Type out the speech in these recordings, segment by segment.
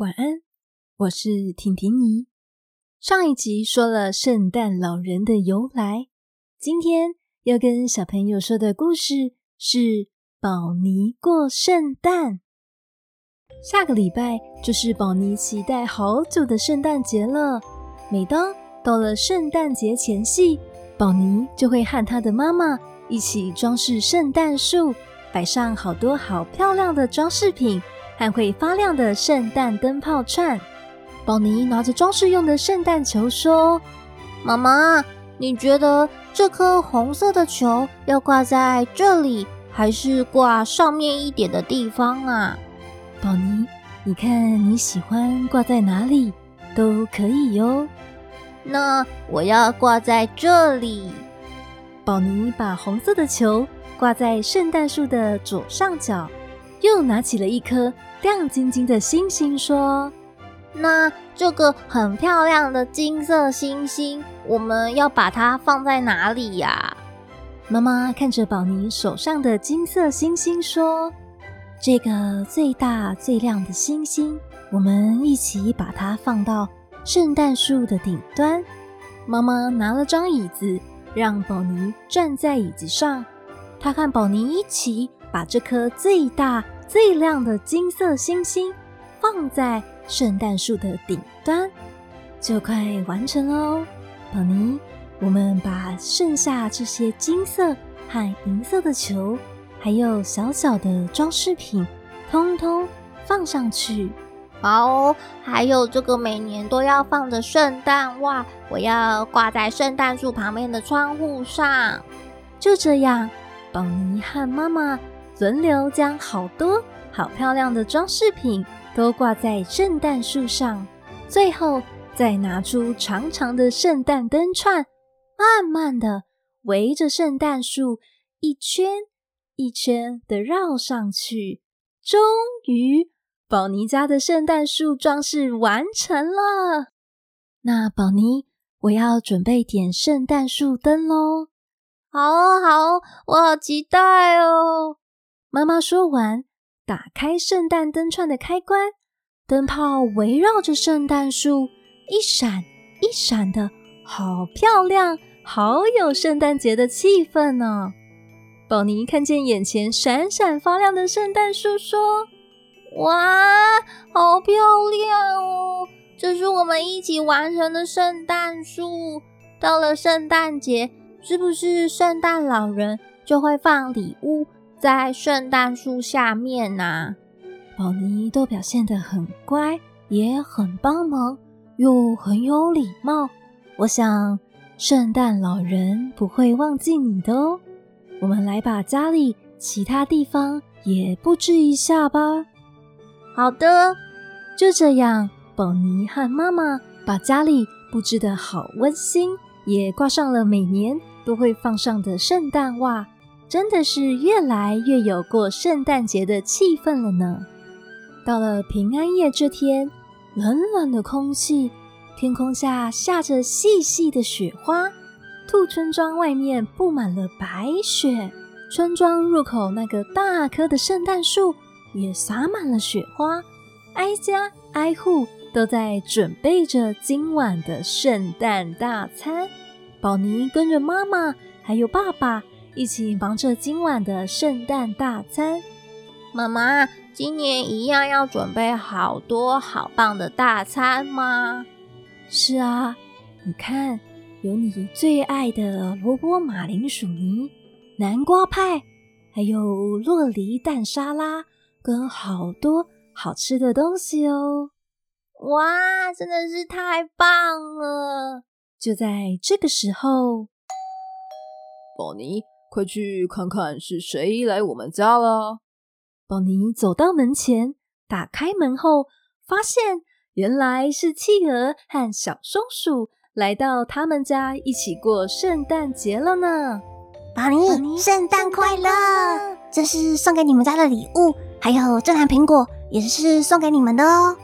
晚安，我是婷婷姨。上一集說了聖誕老人的由來，今天要跟小朋友說的故事是寶妮過聖誕。下個禮拜就是寶妮期待好久的聖誕節了。每當到了聖誕節前夕，寶妮就會和她的媽媽一起裝飾聖誕樹，擺上好多好漂亮的裝飾品。還會發亮的聖誕燈泡串。寶妮拿着裝飾用的聖誕球說：“媽媽，你覺得這顆紅色的球要掛在這裡，還是掛上面一點的地方啊？”寶妮，你看你喜歡掛在哪裡都可以喲。那我要掛在這裡。寶妮把紅色的球掛在聖誕樹的左上角，又拿起了一顆。亮晶晶的星星說：“那這個很漂亮的金色星星，我們要把它放在哪裡呀？”媽媽看着寶妮手上的金色星星說：“這個最大最亮的星星，我們一起把它放到聖誕樹的頂端。”媽媽拿了張椅子，讓寶妮站在椅子上，她和寶妮一起把這顆最大。最亮的金色星星放在聖誕樹的頂端，就快完成嘍，寶妮。我們把剩下這些金色和銀色的球，還有小小的裝飾品，通通放上去。好哦，還有這個每年都要放的聖誕襪，我要掛在聖誕樹旁邊的窗戶上。就這樣，寶妮和媽媽。輪流將好多好漂亮的裝飾品都掛在聖誕樹上，最後再拿出長長的聖誕燈串，慢慢的圍着聖誕樹一圈一圈的繞上去。終於，寶妮家的聖誕樹裝飾完成了。那寶妮，我要準備點聖誕樹燈嘍！好哦，好哦，我好期待哦！媽媽說完，打開聖誕燈串的開關，燈泡圍繞着聖誕樹一閃一閃的，好漂亮，好有聖誕節的氣氛呢！寶妮看見眼前閃閃發亮的聖誕樹，說：“哇，好漂亮哦！這是我們一起完成的聖誕樹。到了聖誕節，是不是聖誕老人就會放禮物？”在聖誕樹下面呢？啊，寶妮都表現得很乖，也很幫忙，又很有禮貌。我想聖誕老人不會忘記你的哦。我們來把家裡其他地方也布置一下吧。好的，就這樣，寶妮和媽媽把家裡布置得好溫馨，也掛上了每年都會放上的聖誕襪。真的是越來越有過聖誕節的氣氛了呢。到了平安夜這天，冷冷的空氣，天空下下着細細的雪花，兔村莊外面佈滿了白雪，村莊入口那個大棵的聖誕樹也灑滿了雪花，挨家挨戶都在準備着今晚的聖誕大餐。寶妮跟着媽媽還有爸爸。一起忙着今晚的聖誕大餐，媽媽，今年一樣要準備好多好棒的大餐嗎？是啊，你看，有你最愛的蘿蔔馬鈴薯泥、南瓜派，還有酪梨蛋沙拉，跟好多好吃的東西哦！哇，真的是太棒了！就在這個時候，寶妮。快去看看是誰來我們家了！寶妮走到門前，打開門後，發現原來是企鵝和小松鼠來到他們家一起過聖誕節了呢。寶妮，聖誕快樂！這是送給你們家的禮物，還有這籃蘋果也是送給你們的哦。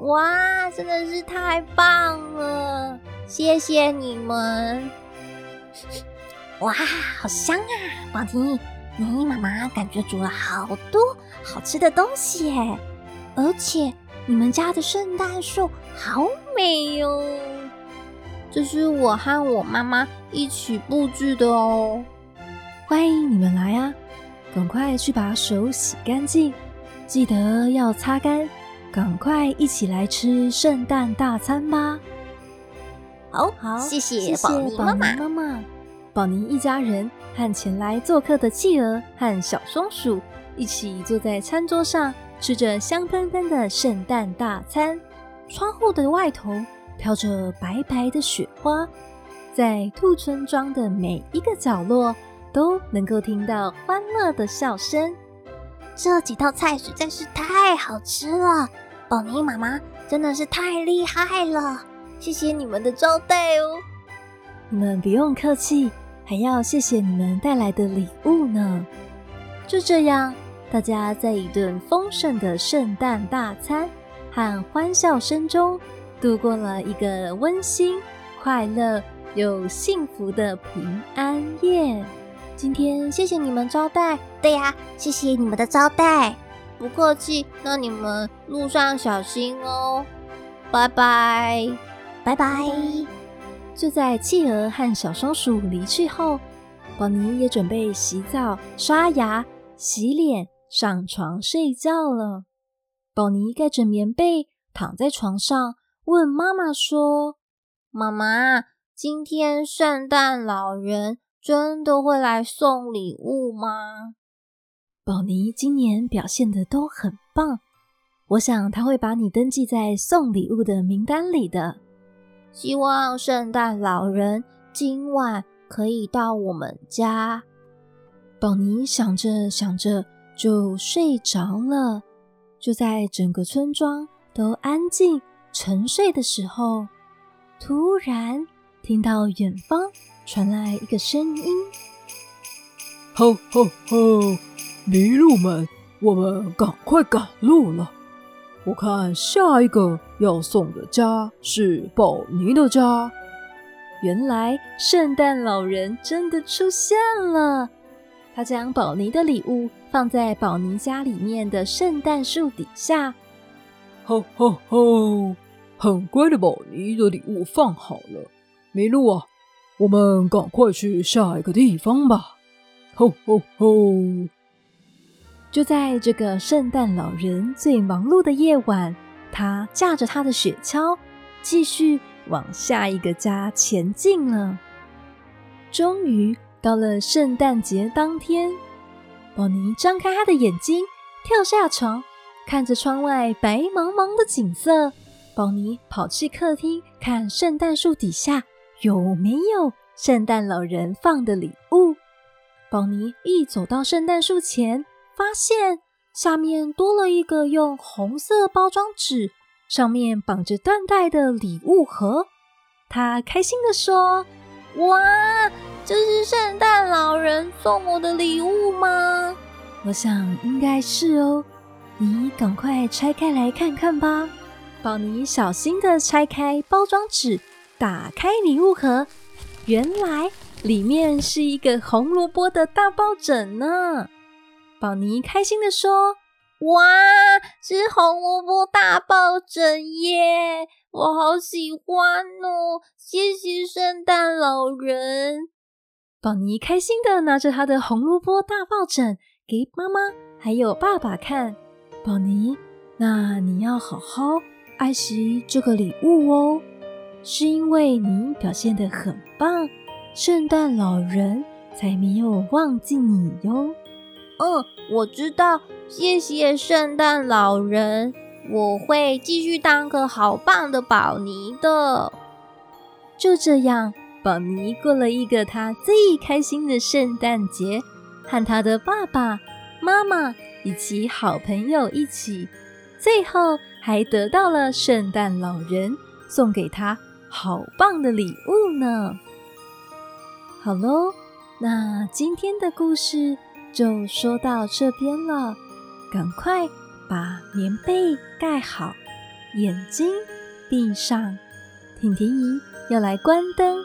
哇，真的是太棒了！謝謝你們。哇，好香啊，寶妮！你媽媽感覺煮了好多好吃的東西耶，而且你們家的聖誕樹好美哦，這是我和我媽媽一起佈置的哦。歡迎你們來啊，趕快去把手洗乾淨，記得要擦乾，趕快一起來吃聖誕大餐吧。好，謝謝寶妮媽媽好，謝謝寶妮媽媽。寶妮一家人和前來做客的企鵝和小松鼠一起坐在餐桌上，吃着香噴噴的聖誕大餐。窗戶的外頭飄着白白的雪花，在兔村莊的每一個角落都能夠聽到歡樂的笑聲。這幾道菜實在是太好吃了，寶妮媽媽真的是太厲害了！謝謝你們的招待哦，你們不用客氣。還要謝謝你們帶來的禮物呢。就這樣，大家在一頓豐盛的聖誕大餐和歡笑聲中，度過了一個溫馨、快樂又幸福的平安夜。今天謝謝你們招待。對呀，謝謝你們的招待。不客氣。那你們路上小心哦，拜拜，拜拜。就在企鵝和小松鼠離去後，寶妮也準備洗澡、刷牙、洗臉、上床睡覺了。寶妮蓋着棉被躺在床上，問媽媽說：“媽媽，今天聖誕老人真的會來送禮物嗎？”寶妮今年表現得都很棒，我想他會把你登記在送禮物的名單裡的。希望聖誕老人今晚可以到我們家。寶妮想着想着就睡着了，就在整個村莊都安靜沉睡的時候，突然聽到遠方傳來一個聲音：“吼吼吼！麋鹿們，我們趕快趕路了。”我看下一個要送的家是寶妮的家。原來聖誕老人真的出現了，他將寶妮的禮物放在寶妮家裡面的聖誕樹底下。吼吼吼！很快的，寶妮的禮物放好了。麋鹿啊！我們趕快去下一個地方吧。吼吼吼！就在這個聖誕老人最忙碌的夜晚，他駕着他的雪橇，繼續往下一個家前進了。終於到了聖誕節當天，寶妮張開她的眼睛，跳下床，看着窗外白茫茫的景色。寶妮跑去客廳看聖誕樹底下有沒有聖誕老人放的禮物。寶妮一走到聖誕樹前。發現下面多了一個用紅色包裝紙、上面綁着緞帶的禮物盒，他開心地說：“哇，這是聖誕老人送我的禮物嗎？”我想應該是哦，你趕快拆開來看看吧。寶妮小心地拆開包裝紙，打開禮物盒，原來裡面是一個紅蘿蔔的大抱枕呢。寶妮開心地說：“哇，是紅蘿蔔大抱枕耶！我好喜歡哦！謝謝聖誕老人。”寶妮開心地拿着她的紅蘿蔔大抱枕給媽媽還有爸爸看。寶妮，那你要好好愛惜這個禮物哦，是因為你表現得很棒，聖誕老人才沒有忘記你喲。嗯，我知道，謝謝聖誕老人，我會繼續當個好棒的寶妮的。就這樣，寶妮過了一個她最開心的聖誕節，和她的爸爸媽媽以及好朋友一起，最後還得到了聖誕老人送給她好棒的禮物呢。好嘍，那今天的故事，就說到這邊了，趕快把棉被蓋好，眼睛閉上。婷婷姨要來關燈，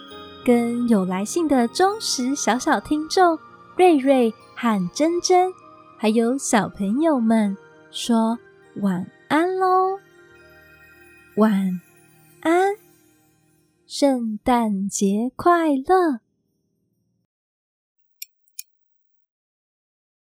跟有來信的忠實小小聽眾芮芮和榛榛，還有小朋友們說晚安嘍，晚安，聖誕節快樂。